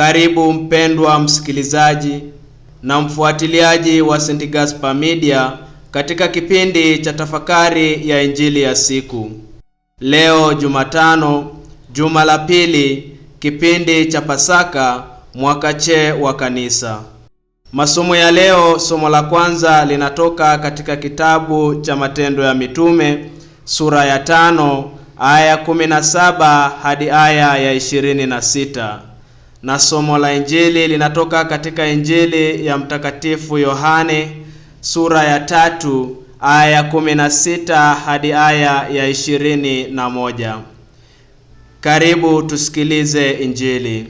Karibu mpendwa msikilizaji na mfuatiliaji wa St. Gaspar Media katika kipindi cha tafakari ya Injili ya siku. Leo Jumatano, juma la pili, kipindi cha Pasaka, mwaka C wa Kanisa. Masomo ya leo, somo la kwanza linatoka katika kitabu cha Matendo ya Mitume sura ya tano aya 17 hadi aya ya 26 na somo la injili linatoka katika Injili ya Mtakatifu Yohane sura ya tatu aya ya kumi na sita hadi aya ya ishirini na moja. Karibu tusikilize Injili.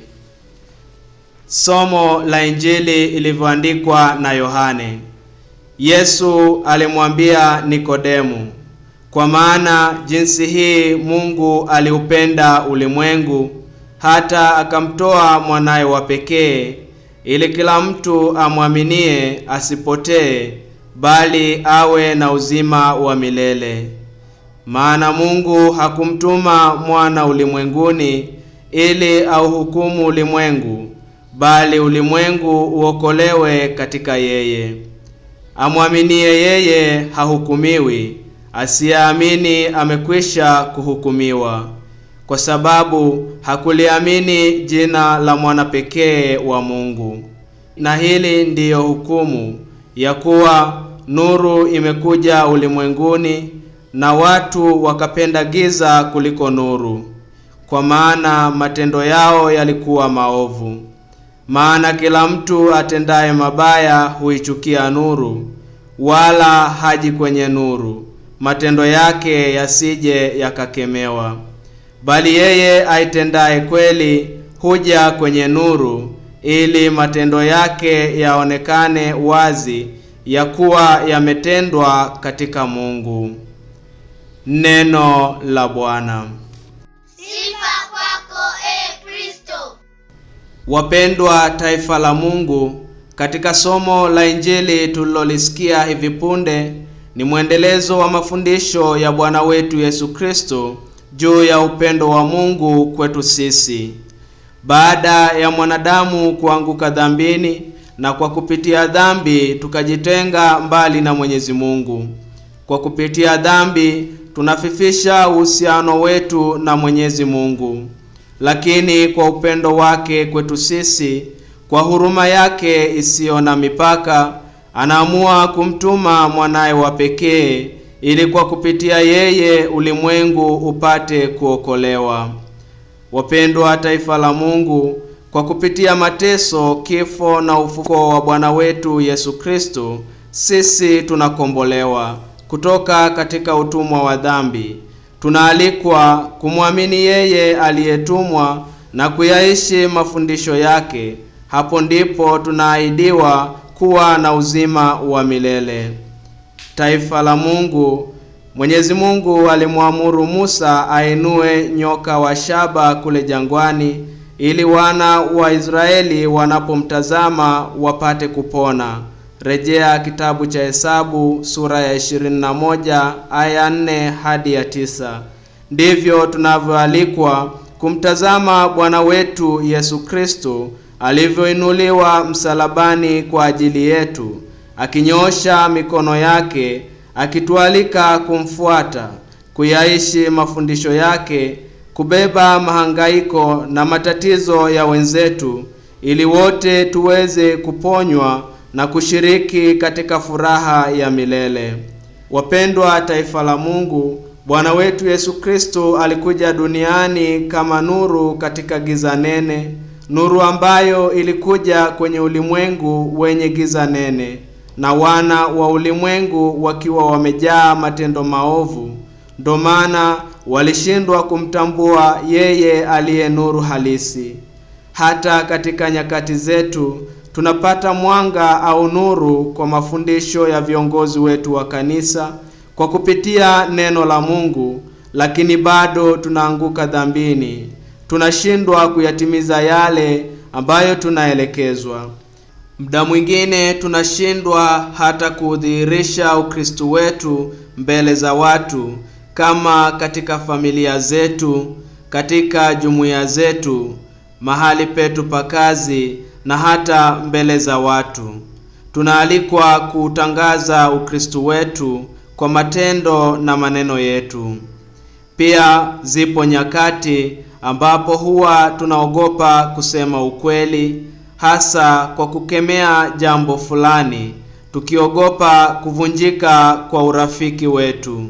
Somo la Injili ilivyoandikwa na Yohane. Yesu alimwambia Nikodemu, kwa maana jinsi hii Mungu aliupenda ulimwengu hata akamtoa mwanaye wa pekee, ili kila mtu amwaminie asipotee, bali awe na uzima wa milele. Maana Mungu hakumtuma mwana ulimwenguni ili auhukumu ulimwengu, bali ulimwengu uokolewe katika yeye. Amwaminie yeye hahukumiwi, asiyeamini amekwisha kuhukumiwa kwa sababu hakuliamini jina la mwana pekee wa Mungu. Na hili ndiyo hukumu ya kuwa nuru imekuja ulimwenguni, na watu wakapenda giza kuliko nuru, kwa maana matendo yao yalikuwa maovu. Maana kila mtu atendaye mabaya huichukia nuru, wala haji kwenye nuru, matendo yake yasije yakakemewa bali yeye aitendaye kweli huja kwenye nuru, ili matendo yake yaonekane wazi ya kuwa yametendwa katika Mungu. Neno la Bwana. Sifa kwako, e Kristo. Wapendwa taifa la Mungu, katika somo la Injili tulilolisikia hivi punde ni mwendelezo wa mafundisho ya Bwana wetu Yesu Kristo juu ya upendo wa Mungu kwetu sisi. Baada ya mwanadamu kuanguka dhambini na kwa kupitia dhambi tukajitenga mbali na Mwenyezi Mungu. Kwa kupitia dhambi tunafifisha uhusiano wetu na Mwenyezi Mungu. Lakini kwa upendo wake kwetu sisi, kwa huruma yake isiyo na mipaka, anaamua kumtuma mwanaye wa pekee ili kwa kupitia yeye ulimwengu upate kuokolewa. Wapendwa taifa la Mungu, kwa kupitia mateso, kifo na ufuko wa Bwana wetu Yesu Kristo, sisi tunakombolewa kutoka katika utumwa wa dhambi. Tunaalikwa kumwamini yeye aliyetumwa na kuyaishi mafundisho yake. Hapo ndipo tunaahidiwa kuwa na uzima wa milele taifa la Mungu. Mwenyezi Mungu alimwamuru Musa ainue nyoka wa shaba kule jangwani ili wana wa Israeli wanapomtazama wapate kupona. Rejea kitabu cha Hesabu sura ya 21 aya 4 hadi ya tisa. Ndivyo tunavyoalikwa kumtazama Bwana wetu Yesu Kristo alivyoinuliwa msalabani kwa ajili yetu akinyoosha mikono yake akitualika kumfuata, kuyaishi mafundisho yake, kubeba mahangaiko na matatizo ya wenzetu, ili wote tuweze kuponywa na kushiriki katika furaha ya milele. Wapendwa taifa la Mungu, Bwana wetu Yesu Kristo alikuja duniani kama nuru katika giza nene, nuru ambayo ilikuja kwenye ulimwengu wenye giza nene na wana wa ulimwengu wakiwa wamejaa matendo maovu, ndo maana walishindwa kumtambua yeye aliye nuru halisi. Hata katika nyakati zetu tunapata mwanga au nuru kwa mafundisho ya viongozi wetu wa kanisa, kwa kupitia neno la Mungu, lakini bado tunaanguka dhambini, tunashindwa kuyatimiza yale ambayo tunaelekezwa. Muda mwingine tunashindwa hata kuudhihirisha Ukristo wetu mbele za watu, kama katika familia zetu, katika jumuiya zetu, mahali petu pa kazi na hata mbele za watu. Tunaalikwa kuutangaza Ukristo wetu kwa matendo na maneno yetu. Pia zipo nyakati ambapo huwa tunaogopa kusema ukweli hasa kwa kukemea jambo fulani, tukiogopa kuvunjika kwa urafiki wetu,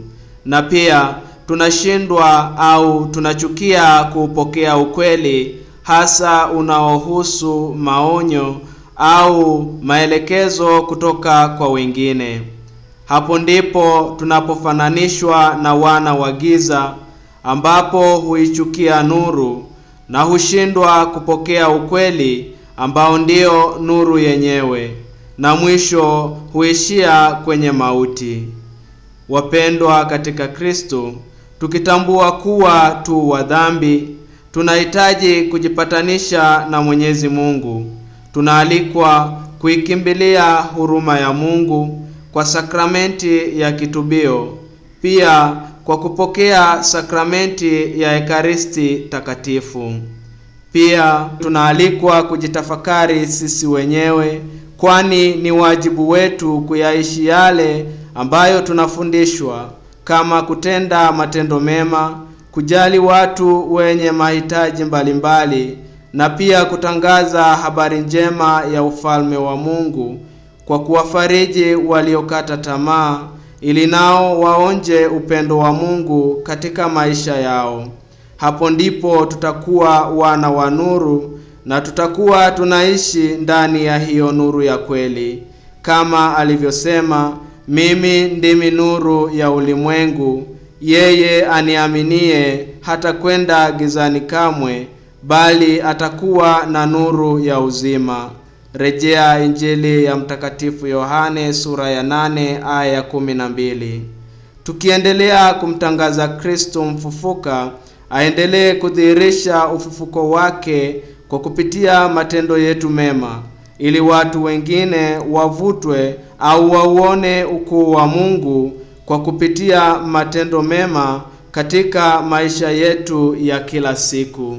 na pia tunashindwa au tunachukia kuupokea ukweli, hasa unaohusu maonyo au maelekezo kutoka kwa wengine. Hapo ndipo tunapofananishwa na wana wa giza, ambapo huichukia nuru na hushindwa kupokea ukweli ambao ndio nuru yenyewe na mwisho huishia kwenye mauti. Wapendwa katika Kristo, tukitambua kuwa tu wa dhambi, tunahitaji kujipatanisha na Mwenyezi Mungu. Tunaalikwa kuikimbilia huruma ya Mungu kwa sakramenti ya kitubio, pia kwa kupokea sakramenti ya Ekaristi Takatifu. Pia tunaalikwa kujitafakari sisi wenyewe, kwani ni wajibu wetu kuyaishi yale ambayo tunafundishwa kama kutenda matendo mema, kujali watu wenye mahitaji mbalimbali mbali, na pia kutangaza habari njema ya ufalme wa Mungu kwa kuwafariji waliokata tamaa ili nao waonje upendo wa Mungu katika maisha yao hapo ndipo tutakuwa wana wa nuru na tutakuwa tunaishi ndani ya hiyo nuru ya kweli, kama alivyosema, mimi ndimi nuru ya ulimwengu, yeye aniaminie hata kwenda gizani kamwe, bali atakuwa na nuru ya uzima. Rejea Injili ya Mtakatifu Yohane sura ya nane aya ya kumi na mbili. Tukiendelea kumtangaza Kristo mfufuka aendelee kudhihirisha ufufuko wake kwa kupitia matendo yetu mema, ili watu wengine wavutwe au wauone ukuu wa Mungu kwa kupitia matendo mema katika maisha yetu ya kila siku.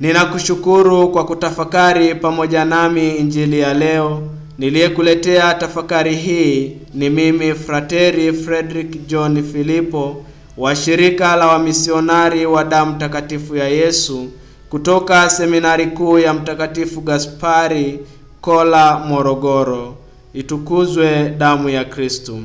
Ninakushukuru kwa kutafakari pamoja nami injili ya leo. Niliyekuletea tafakari hii ni mimi Frateri Frederick John Filipo wa shirika la wamisionari wa damu takatifu ya Yesu kutoka seminari kuu ya Mtakatifu Gaspari Kola, Morogoro. Itukuzwe damu ya Kristu!